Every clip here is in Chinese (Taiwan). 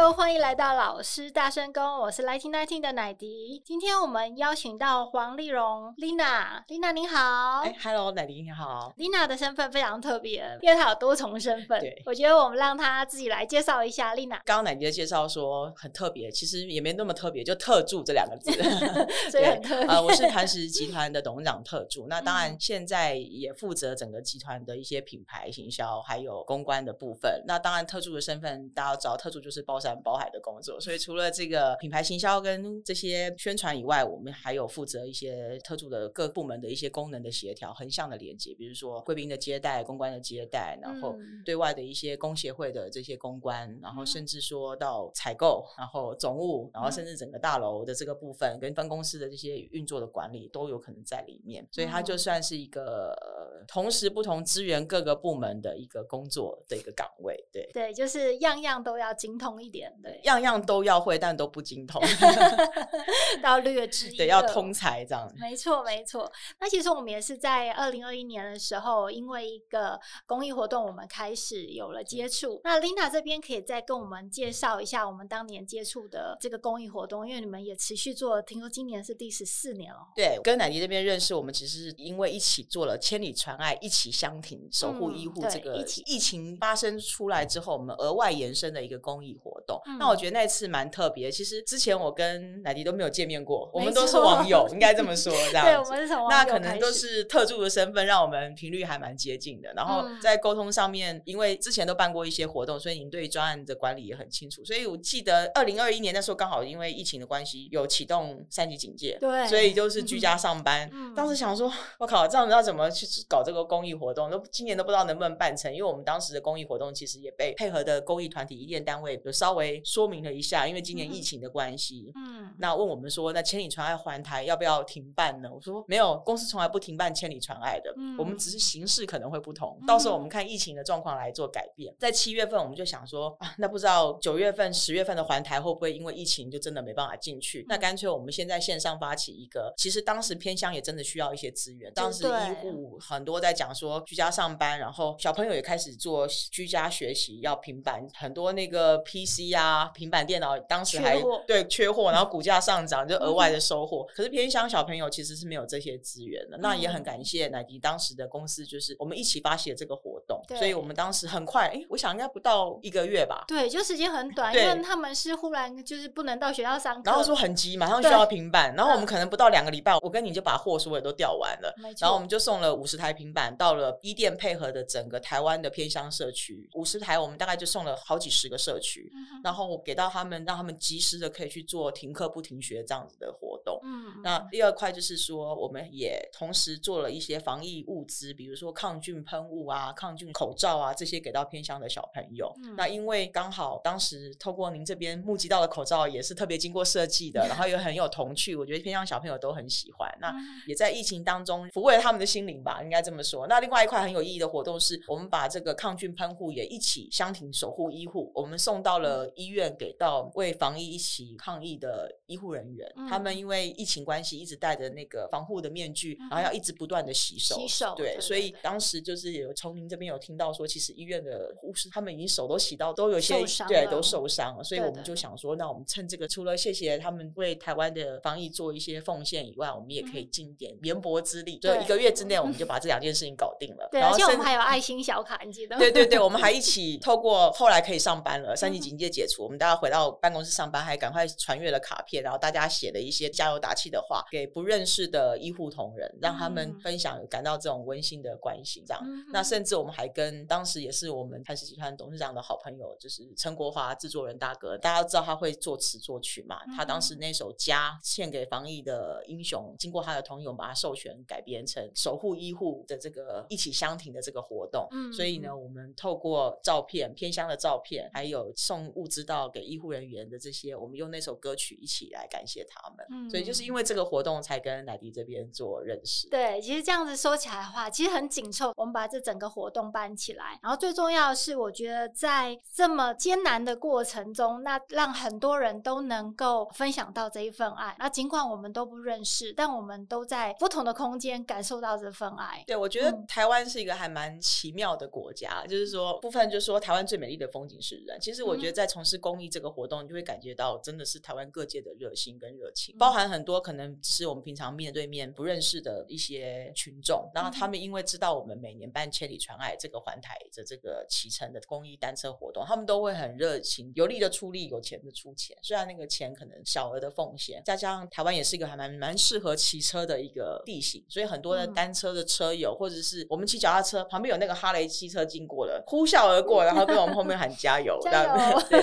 各位，歡迎來到老師大聲公，我是 Lightning Nineteen 的奶迪。今天我們邀請到黃麗蓉 Lina，Lina 您好。哎，Hello，奶迪你好。Lina 的身份非常特別，因為她有多重身份。對，我覺得我們讓她自己來介紹一下 Lina。剛剛奶迪的介紹說很特別，其實也沒那麼特別，就特助這兩個字。 所以很特別 對，啊、 呃，我是磐石集團的董事長特助。 那當然，現在也負責整個集團的一些品牌行銷還有公關的部分。那當然，特助的身份，大家知道，特助就是包。包海的工作，所以除了這個品牌行銷跟這些宣傳以外，我們還有負責一些特殊的各部門的一些功能的協調、橫向的連接，比如說貴賓的接待、公關的接待，然後對外的一些工協會的這些公關，然後甚至說到採購，然後總務，然後甚至整個大樓的這個部分跟分公司的這些運作的管理都有可能在裡面。所以它就算是一個，呃，同時不同資源各個部門的一個工作的一個崗位，對對，就是樣樣都要精通一點。對，樣樣都要會，但都不精通， 到略知。對，要通才這樣。沒錯，沒錯。那其實我們也是在二零二一年的時候，因為一個公益活動，我們開始有了接觸。那 Lina 這邊可以再跟我們介紹一下我們當年接觸的這個公益活動，因為你們也持續做，聽說今年是第十四年了。對，跟奶迪這邊認識，我們其實是因為一起做了“千里傳愛”，一起相挺守護醫護。這個疫情發生出來之後，我們額外延伸的一個公益活動。嗯、那我覺得那次蠻特別。其實之前我跟奶迪都沒有見面過，我們都是網友， 應該這麼說這樣。對，我們是網友。那可能都是特助的身份，讓我們頻率還蠻接近的。然後在溝通上面、嗯，因為之前都辦過一些活動，所以您對專案的管理也很清楚。所以我記得二零二一年那時候，剛好因為疫情的關係，有啟動三級警戒，對，所以就是居家上班。嗯、當時想說，我靠，這樣子要怎麼去搞這個公益活動？都今年都不知道能不能辦成，因為我們當時的公益活動其實也被配合的公益團體、醫院單位，比如稍微。說明了一下，因為今年疫情的關係，嗯，那問我們說，那千里傳愛環台要不要停辦呢？我說沒有，公司從來不停辦千里傳愛的，嗯，我們只是形式可能會不同，到時候我們看疫情的狀況來做改變。在七月份，我們就想說，啊，那不知道九月份、十月份的環台會不會因為疫情就真的沒辦法進去？嗯，那乾脆我們先在線上發起一個。其實當時偏鄉也真的需要一些資源，當時醫護很多在講說居家上班，然後小朋友也開始做居家學習，要平板，很多那個 PC。呀、啊，平板電腦當時還缺對缺貨，然後股價上漲就額外的收穫、嗯。可是偏鄉小朋友其實是沒有這些資源的、嗯，那也很感謝奶迪當時的公司，就是我們一起發起這個活動，所以我們當時很快，哎、欸，我想應該不到一個月吧？對，就時間很短，因為他們是忽然就是不能到學校上課，然後說很急，馬上需要平板，然後我們可能不到兩個禮拜、嗯，我跟你就把貨所有都調完了，然後我們就送了五十台平板到了伊甸配合的整個台灣的偏鄉社區，五十台我們大概就送了好幾十個社區。嗯然後我給到他們，讓他們及時的可以去做停課不停學這樣子的活動。嗯，那第二塊就是說，我們也同時做了一些防疫物資，比如說抗菌噴霧啊、抗菌口罩啊這些給到偏鄉的小朋友。嗯，那因為剛好當時透過您這邊募集到的口罩也是特別經過設計的，然後又很有童趣，我覺得偏鄉小朋友都很喜歡。嗯，那也在疫情當中撫慰了他們的心靈吧，應該這麼說。那另外一塊很有意義的活動是我們把這個抗菌噴霧也一起相挺守護醫護，我們送到了。醫院，給到為防疫一起抗疫的醫護人員，嗯，他們因為疫情關係一直戴着那個防護的面具，嗯，然後要一直不斷的洗手。洗手對，所以當時就是有從您這邊有聽到說，其實醫院的護士他們已經手都洗到都有些對，都受傷了，所以我們就想說，那我們趁這個，除了謝謝他們為台灣的防疫做一些奉獻以外，我們也可以盡點綿薄之力，就、嗯、一個月之內我們就把這兩件事情搞定了。而且我們還有愛心小卡，你記得嗎？對對對對，我們還一起透過後來可以上班了，嗯、三級警戒解除，我們大家回到辦公室上班，還趕快傳閱了卡片，然後大家寫了一些加油打氣的話給不認識的醫護同仁，讓他們分享，感到這種溫馨的關心。這樣，mm -hmm. 那甚至我們還跟當時也是我們磐石集團董事長的好朋友，就是陳國華制作人大哥，大家都知道他會作詞作曲嘛。Mm -hmm. 他當時那首《家》獻給防疫的英雄，經過他的同意，我們把它授權改編成守護醫護的這個一起相挺的這個活動。Mm -hmm. 所以呢，我們透過照片、偏鄉的照片，還有送。物資到給醫護人員的這些，我們用那首歌曲一起來感謝他們。嗯、所以就是因為這個活動，才跟奶迪這邊做認識。對，其實這樣子說起來的話，其實很緊湊。我們把這整個活動搬起來，然後最重要的是，我覺得在這麼艱難的過程中，那讓很多人都能夠分享到這一份愛。那儘管我們都不認識，但我們都在不同的空間感受到這份愛。對，我覺得台灣是一個還蠻奇妙的國家，嗯、就是說部分就是說台灣最美麗的風景是人。其實我覺得在從事公益這個活動，你就會感覺到真的是台灣各界的熱心跟熱情，包含很多可能是我們平常面對面不認識的一些群眾，嗯、然後他們因為知道我們每年辦千里傳愛這個環台的這,這個騎乘的公益單車活動，他們都會很熱情，有力的出力，有錢的出錢。雖然那個錢可能小額的奉獻，再加上台灣也是一個還蠻蠻適合騎車的一個地形，所以很多的單車的車友，或者是我們騎腳踏車旁邊有那個哈雷機車經過了，呼嘯而過，然後跟我們後面喊加油。加油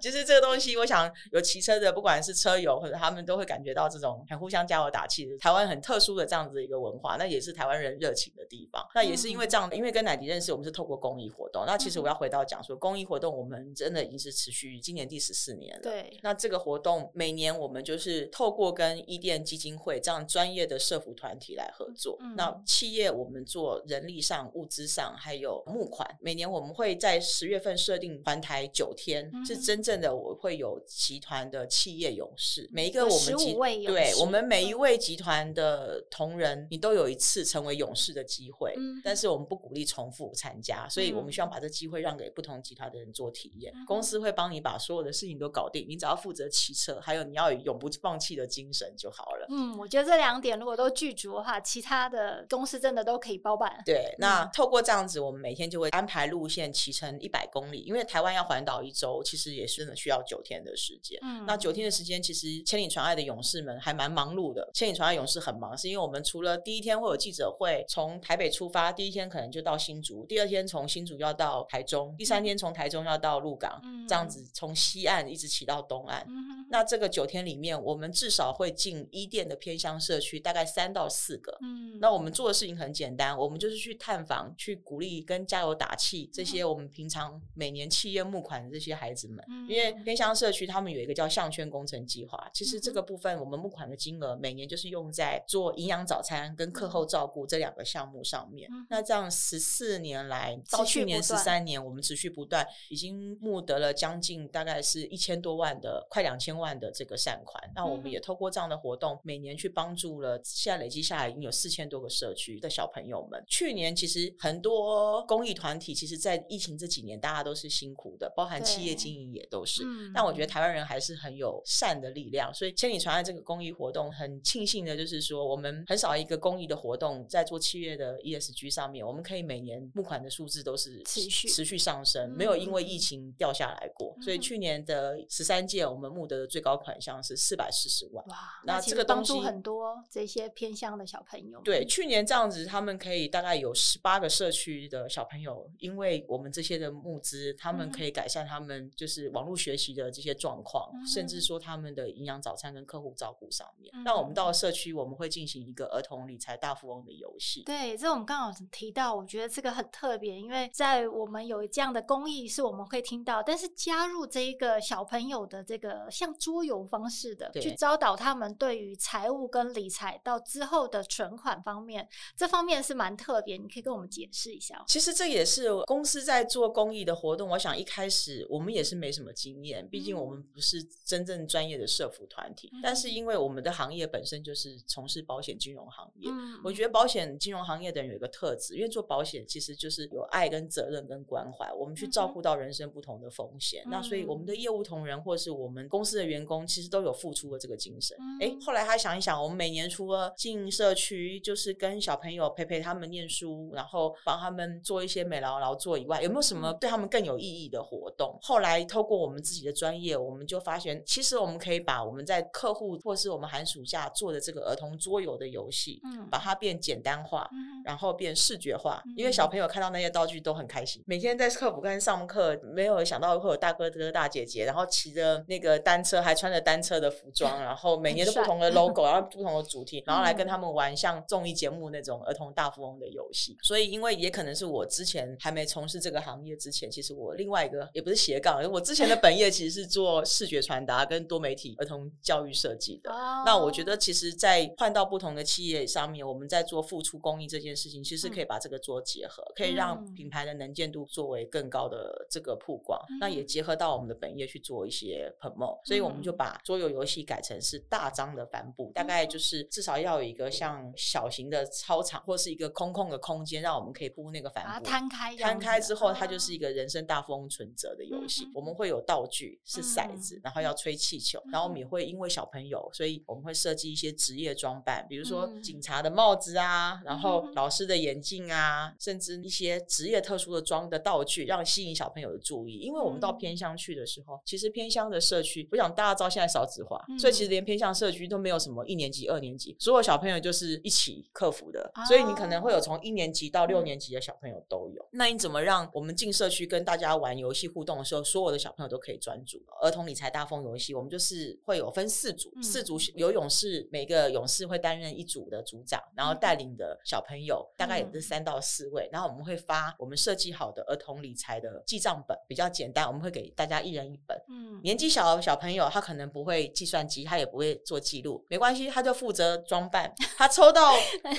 其 實、就是、這個東西，我想有騎車的，不管是車友或者他們，都會感覺到這種很互相加油打氣的台灣很特殊的這樣子一個文化，那也是台灣人熱情的地方。那也是因為這樣，嗯、因為跟奶迪認識，我們是透過公益活動。那其實我要回到講說，嗯、公益活動我們真的已經是持續今年第十四年了。對。那這個活動每年我們就是透過跟伊甸基金會這樣專業的社福團體來合作，嗯。那企業我們做人力上、物資上還有募款，每年我們會在十月份設定環台九天。是真正的，我會有集團的企業勇士，每一個我們位對位，我們每一位集團的同仁，你都有一次成為勇士的機會、嗯。但是我們不鼓勵重復參加，所以我們希望把這機會讓給不同集團的人做體驗。嗯、公司會幫你把所有的事情都搞定，你只要負責騎車，還有你要有永不放棄的精神就好了。嗯，我覺得這兩點如果都具足的話，其他的公司真的都可以包辦。對，那透過這樣子，我們每天就會安排路線騎乘一百公里，因為台灣要環島一周，其實也是需要九天的時間。嗯，那九天的時間，其實千里傳愛的勇士們還蠻忙碌的。千里傳愛勇士很忙，是因為我們除了第一天會有記者會，從台北出發，第一天可能就到新竹，第二天從新竹要到台中，第三天從台中要到鹿港，嗯，這樣子從西岸一直騎到東岸。嗯，那這個九天裡面，我們至少會進一店的偏鄉社區大概三到四個。嗯，那我們做的事情很簡單，我們就是去探訪、去鼓勵、跟加油打氣。這些我們平常每年企業募款的這些還。孩子們，因為偏鄉社區他們有一個叫項圈工程計劃。其實這個部分，我們募款的金額每年就是用在做營養早餐跟課後照顧這兩個項目上面。那這樣十四年來，到去年十三年，我們持續不斷，已經募得了將近大概是一千多萬的，快兩千萬的這個善款。那我們也透過這樣的活動，每年去幫助了現在累積下來已經有四千多個社區的小朋友們。去年其實很多公益團體，其實，在疫情這幾年，大家都是辛苦的，包含企業。經營也都是、嗯，但我覺得台灣人還是很有善的力量，嗯、所以千里傳愛這個公益活動很慶幸的，就是說我們很少一個公益的活動在做企業的 ESG 上面，我們可以每年募款的數字都是持續持續上升，沒有因為疫情掉下來過。嗯、所以去年的十三屆，我們募得的最高款項是四百四十萬。哇，那這個當中幫助很多這些偏鄉的小朋友。對，去年這樣子，他們可以大概有十八個社區的小朋友，因為我們這些的募資，他們可以改善他們。就是網絡學習的這些狀況、嗯，甚至說他們的營養早餐跟客戶照顧上面。那、嗯、我們到社區，我們會進行一個兒童理財大富翁的遊戲。對，這我們剛好提到，我覺得這個很特別，因為在我們有這樣的公益，是我們會聽到。但是加入這一個小朋友的這個像桌遊方式的，去教導他們對於財務跟理財到之後的存款方面，這方面是蠻特別。你可以跟我們解釋一下？其實這也是公司在做公益的活動。我想一開始我們，也是沒什麼經驗，畢竟我們不是真正專業的社服團體。但是因為我們的行業本身就是從事保險金融行業，我覺得保險金融行業的人有一個特質，因為做保險其實就是有愛、跟責任、跟關懷。我們去照顧到人生不同的風險，那所以我們的業務同仁或是我們公司的員工，其實都有付出過這個精神。誒，後來他想一想，我們每年除了進社區，就是跟小朋友陪陪他們念書，然後幫他們做一些美勞勞作以外，有沒有什麼對他們更有意義的活動？後來。來，透過我們自己的專業，我們就發現，其實我們可以把我們在客戶或是我們寒暑假做的這個兒童桌遊的遊戲，嗯，把它變簡單化，然後變視覺化，因為小朋友看到那些道具都很開心。嗯、每天在課輔班上課，沒有想到會有大哥哥、大姐姐，然後騎着那個單車，還穿着單車的服裝，然後每年都不同的 logo，然後不同的主題，然後來跟他們玩像綜藝節目那種兒童大富翁的遊戲。所以，因為也可能是我之前還沒從事這個行業之前，其實我另外一個也不是斜槓。 我之前的本業其實是做視覺傳達跟多媒體兒童教育設計的。Wow. 那我覺得，其實，在換到不同的企業上面，我們在做付出公益這件事情，其實可以把這個做結合，嗯，可以讓品牌的能見度作為更高的這個曝光。嗯、那也結合到我們的本業去做一些 promote，嗯、所以我們就把桌遊遊戲改成是大張的帆布，嗯、大概就是至少要有一個像小型的操場，嗯、或是一個空空的空間，讓我們可以鋪那個帆布，啊、攤開，攤開之後，啊，它就是一個人生大富翁存折的遊戲。嗯我們會有道具是骰子、嗯，然後要吹氣球、嗯，然後我們也會因為小朋友，所以我們會設計一些職業裝扮，比如說警察的帽子啊、嗯，然後老師的眼鏡啊，甚至一些職業特殊的裝的道具，讓吸引小朋友的注意。因為我們到偏鄉去的時候，其實偏鄉的社區，我想大家知道現在少子化，所以其實連偏鄉社區都沒有什麼一年級、二年級，所有小朋友就是一起克服的，所以你可能會有從一年級到六年級的小朋友都有。那你怎麼讓我們進社區跟大家玩遊戲互動的時候，所有的小朋友都可以專注。兒童理財大風遊戲，我們就是會有分四組、嗯，四組有勇士，每個勇士會擔任一組的組長，然後帶領的小朋友、嗯、大概也是三到四位、嗯。然後我們會發我們設計好的兒童理財的記賬本，比較簡單，我們會給大家一人一本。嗯，年紀小小朋友他可能不會計算機，他也不會做記錄，沒關係，他就負責裝扮。他抽到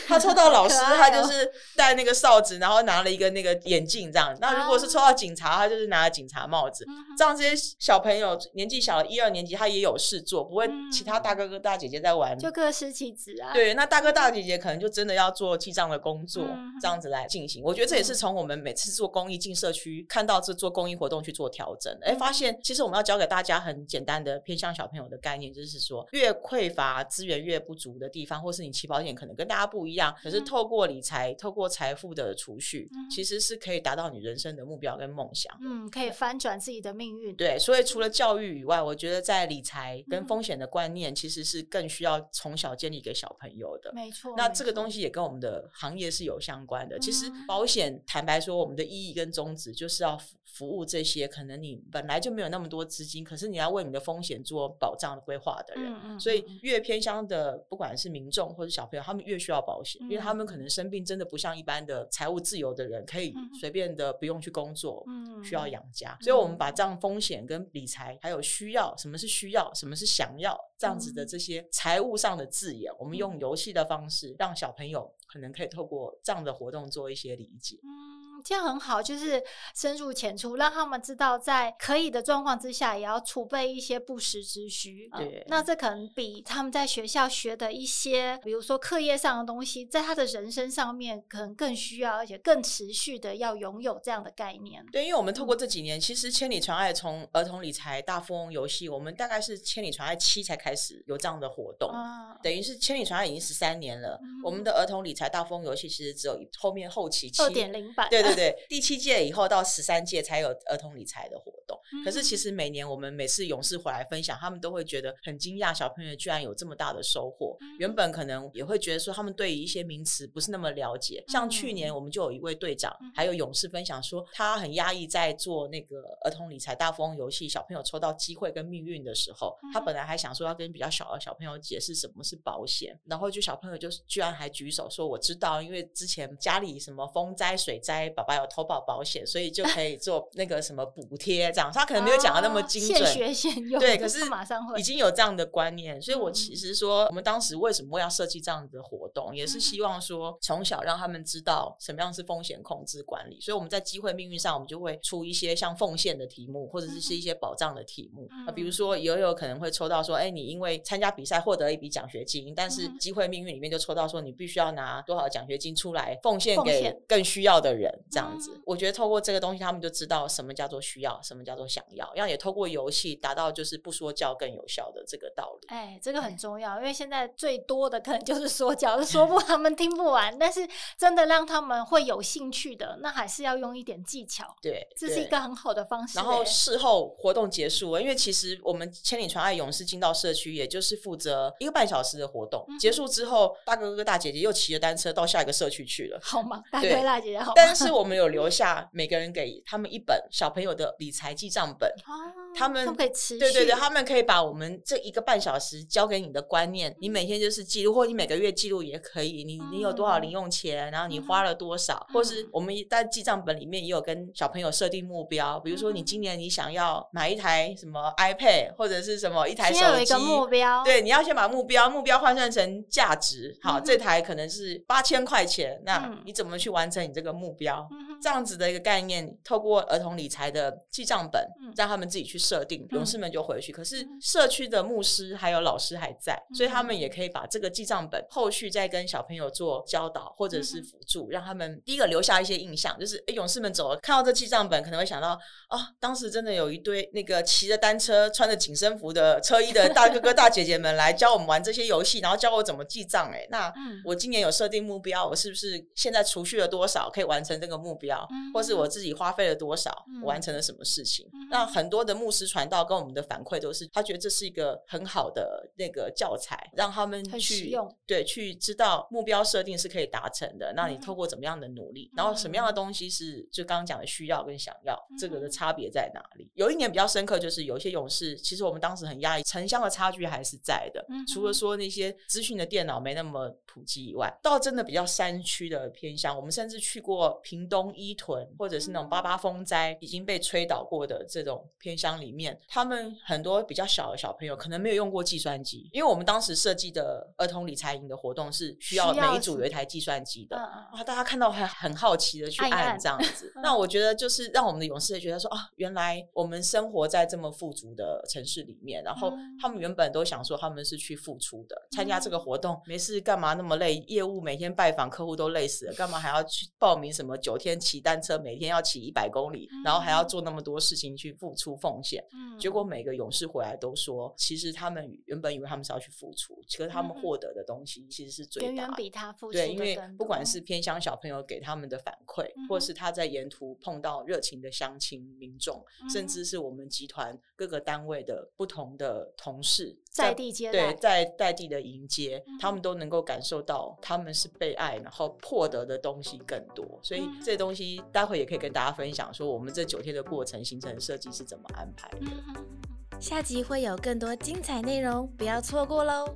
他抽到老師、 哦，他就是戴那個哨子，然後拿了一個那個眼鏡這樣。那如果是抽到警察，他就是拿了警察帽子。這樣，這些小朋友年紀小，一二年級，他也有事做，不會其他大哥哥大姐姐在玩，就各司其職啊。對，那大哥大姐姐可能就真的要做記賬的工作、嗯，這樣子來進行。我覺得這也是從我們每次做公益進社區，看到這做公益活動去做調整，哎、欸，發現其實我們要教給大家很簡單的偏向小朋友的概念，就是說，越匱乏資源越不足的地方，或是你起跑點可能跟大家不一樣，可是透過理財，透過財富的儲蓄，其實是可以達到你人生的目標跟夢想。嗯，可以翻轉。自己的命運。對，所以除了教育以外，我覺得在理財跟風險的觀念、嗯、其實是更需要從小建立給小朋友的。沒錯，那這個東西也跟我們的行業是有相關的。其實保險、嗯，坦白說，我們的意義跟宗旨就是要服務這些可能你本來就沒有那麼多資金，可是你要為你的風險做保障規劃的人、嗯嗯。所以越偏鄉的，不管是民眾或者小朋友，他們越需要保險、嗯，因為他們可能生病真的不像一般的財務自由的人可以隨便的不用去工作，嗯、需要養家、嗯，所以我們。把這樣風險跟理財，還有需要，什麼是需要，什麼是想要，這樣子的這些財務上的字眼，嗯，我們用遊戲的方式，嗯，讓小朋友可能可以透過這樣的活動做一些理解。這樣很好，就是深入淺出，讓他們知道在可以的狀況之下，也要儲備一些不時之需。對、嗯，那這可能比他們在學校學的一些，比如說課業上的東西，在他的人生上面可能更需要，而且更持續的要擁有這樣的概念。對，因為我們透過這幾年，嗯、其實《千里傳愛》從兒童理財大富翁遊戲，我們大概是《千里傳愛》七才開始有這樣的活動，啊、等於是《千里傳愛》已經十三年了、嗯。我們的兒童理財大富翁遊戲其實只有後面後期二點零版，對。對不對，第七屆以後到十三屆才有兒童理財的活動。可是其實每年我們每次勇士回來分享，他們都會覺得很驚訝，小朋友居然有這麼大的收穫。原本可能也會覺得說，他們對於一些名詞不是那麼了解。像去年我們就有一位隊長，還有勇士分享說，他很壓抑在做那個兒童理財大富翁遊戲，小朋友抽到機會跟命運的時候，他本來還想說要跟比較小的小朋友解釋什麼是保險，然後就小朋友就居然還舉手說我知道，因為之前家裡什麼風災、水災。寶寶有投保保險，所以就可以做那個什麼補貼 這樣，他可能沒有講的那麼精準，啊、現現對，可是馬上已經有這樣的觀念。所以，我其實說、嗯，我們當時為什麼要設計這樣的活動、嗯，也是希望說，從小讓他們知道什麼樣是風險控制管理。嗯、所以，我們在機會命運上，我們就會出一些像奉獻的題目，或者是是一些保障的題目。嗯、啊，比如說，也有，有可能會抽到說，哎、欸，你因為參加比賽獲得一筆獎學金，但是機會命運裡面就抽到說，你必須要拿多少獎學金出來奉獻給更需要的人。這樣子，我覺得透過這個東西，他們就知道什麼叫做需要，什麼叫做想要，然後也透過遊戲達到就是不說教更有效的這個道理。哎、欸，這個很重要、嗯，因為現在最多的可能就是說教，說不完 他們聽不完，但是真的讓他們會有興趣的，那還是要用一點技巧。對，這是一個很好的方式、欸。然後事後活動結束了，因為其實我們千里傳愛勇士進到社區，也就是負責一個半小時的活動、嗯、結束之後，大哥哥大姐姐又騎着單車到下一個社區去了。好嗎？大哥大姐姐好嗎，但是。如果我們有留下每個人給他們一本小朋友的理財記賬本、哦，他們,他們可以持續對對對，他們可以把我們這一個半小時交給你的觀念，嗯、你每天就是記錄，或你每個月記錄也可以。你、嗯、你有多少零用錢，然後你花了多少，嗯、或是我們在記賬本裡面也有跟小朋友設定目標，比如說你今年你想要買一台什麼 iPad 或者是什麼一台手機，一個目標，對，你要先把目標目標換算成價值，好、嗯，這台可能是八千塊錢，那你怎麼去完成你這個目標？這樣子的一個概念，透過兒童理財的記賬本，讓他們自己去設定、嗯、勇士們就回去。可是社區的牧師還有老師還在，所以他們也可以把這個記賬本後續再跟小朋友做教導或者是輔助，讓他們第一個留下一些印象，就是哎、欸，勇士們走了，看到這記賬本可能會想到啊，當時真的有一堆那個騎着單車、穿着緊身服的車衣的大哥哥大姐姐們來 教我們玩這些遊戲，然後教我怎麼記賬。哎，那我今年有設定目標，我是不是現在儲蓄了多少，可以完成這個？目標，或是我自己花費了多少、嗯，完成了什麼事情？嗯、那很多的牧師傳道跟我們的反饋都是，他覺得這是一個很好的那個教材，讓他們去用，對，去知道目標設定是可以達成的、嗯。那你透過怎麼樣的努力，嗯、然後什麼樣的東西是就剛剛講的需要跟想要，這個的差別在哪裡？嗯嗯、有一年比較深刻，就是有一些勇士，其實我們當時很壓抑，城鄉的差距還是在的，嗯嗯、除了說那些資訊的電腦沒那麼普及以外，到真的比較山區的偏鄉，我們甚至去過平。東伊屯或者是那種八八風災已經被吹倒過的這種偏鄉裡面，他們很多比較小的小朋友可能沒有用過計算機，因為我們當時設計的兒童理財營的活動是需要每一組有一台計算機的、嗯、啊，大家看到很很好奇的去按這樣子暗暗、嗯，那我覺得就是讓我們的勇士也覺得說啊，原來我們生活在這麼富足的城市裡面，然後他們原本都想說他們是去付出的，參加這個活動沒事幹嘛那麼累，業務每天拜訪客戶都累死了，幹嘛還要去報名什麼？九天騎單車，每天要騎一百公里，然後還要做那麼多事情去付出奉獻、嗯。結果每個勇士回來都說，其實他們原本以為他們是要去付出，可他們獲得的東西其實是最大的，遠遠比他付出的。對，因為不管是偏鄉小朋友給他們的反饋、嗯，或是他在沿途碰到熱情的鄉親民眾、嗯，甚至是我們集團各個單位的不同的同事。在，在地接對，在在地的迎接、嗯，他們都能夠感受到他們是被愛，然後獲得的東西更多。所以這東西待會也可以跟大家分享，說我們這九天的過程、嗯、行程設計是怎麼安排的、嗯。下集會有更多精彩內容，不要錯過嘍。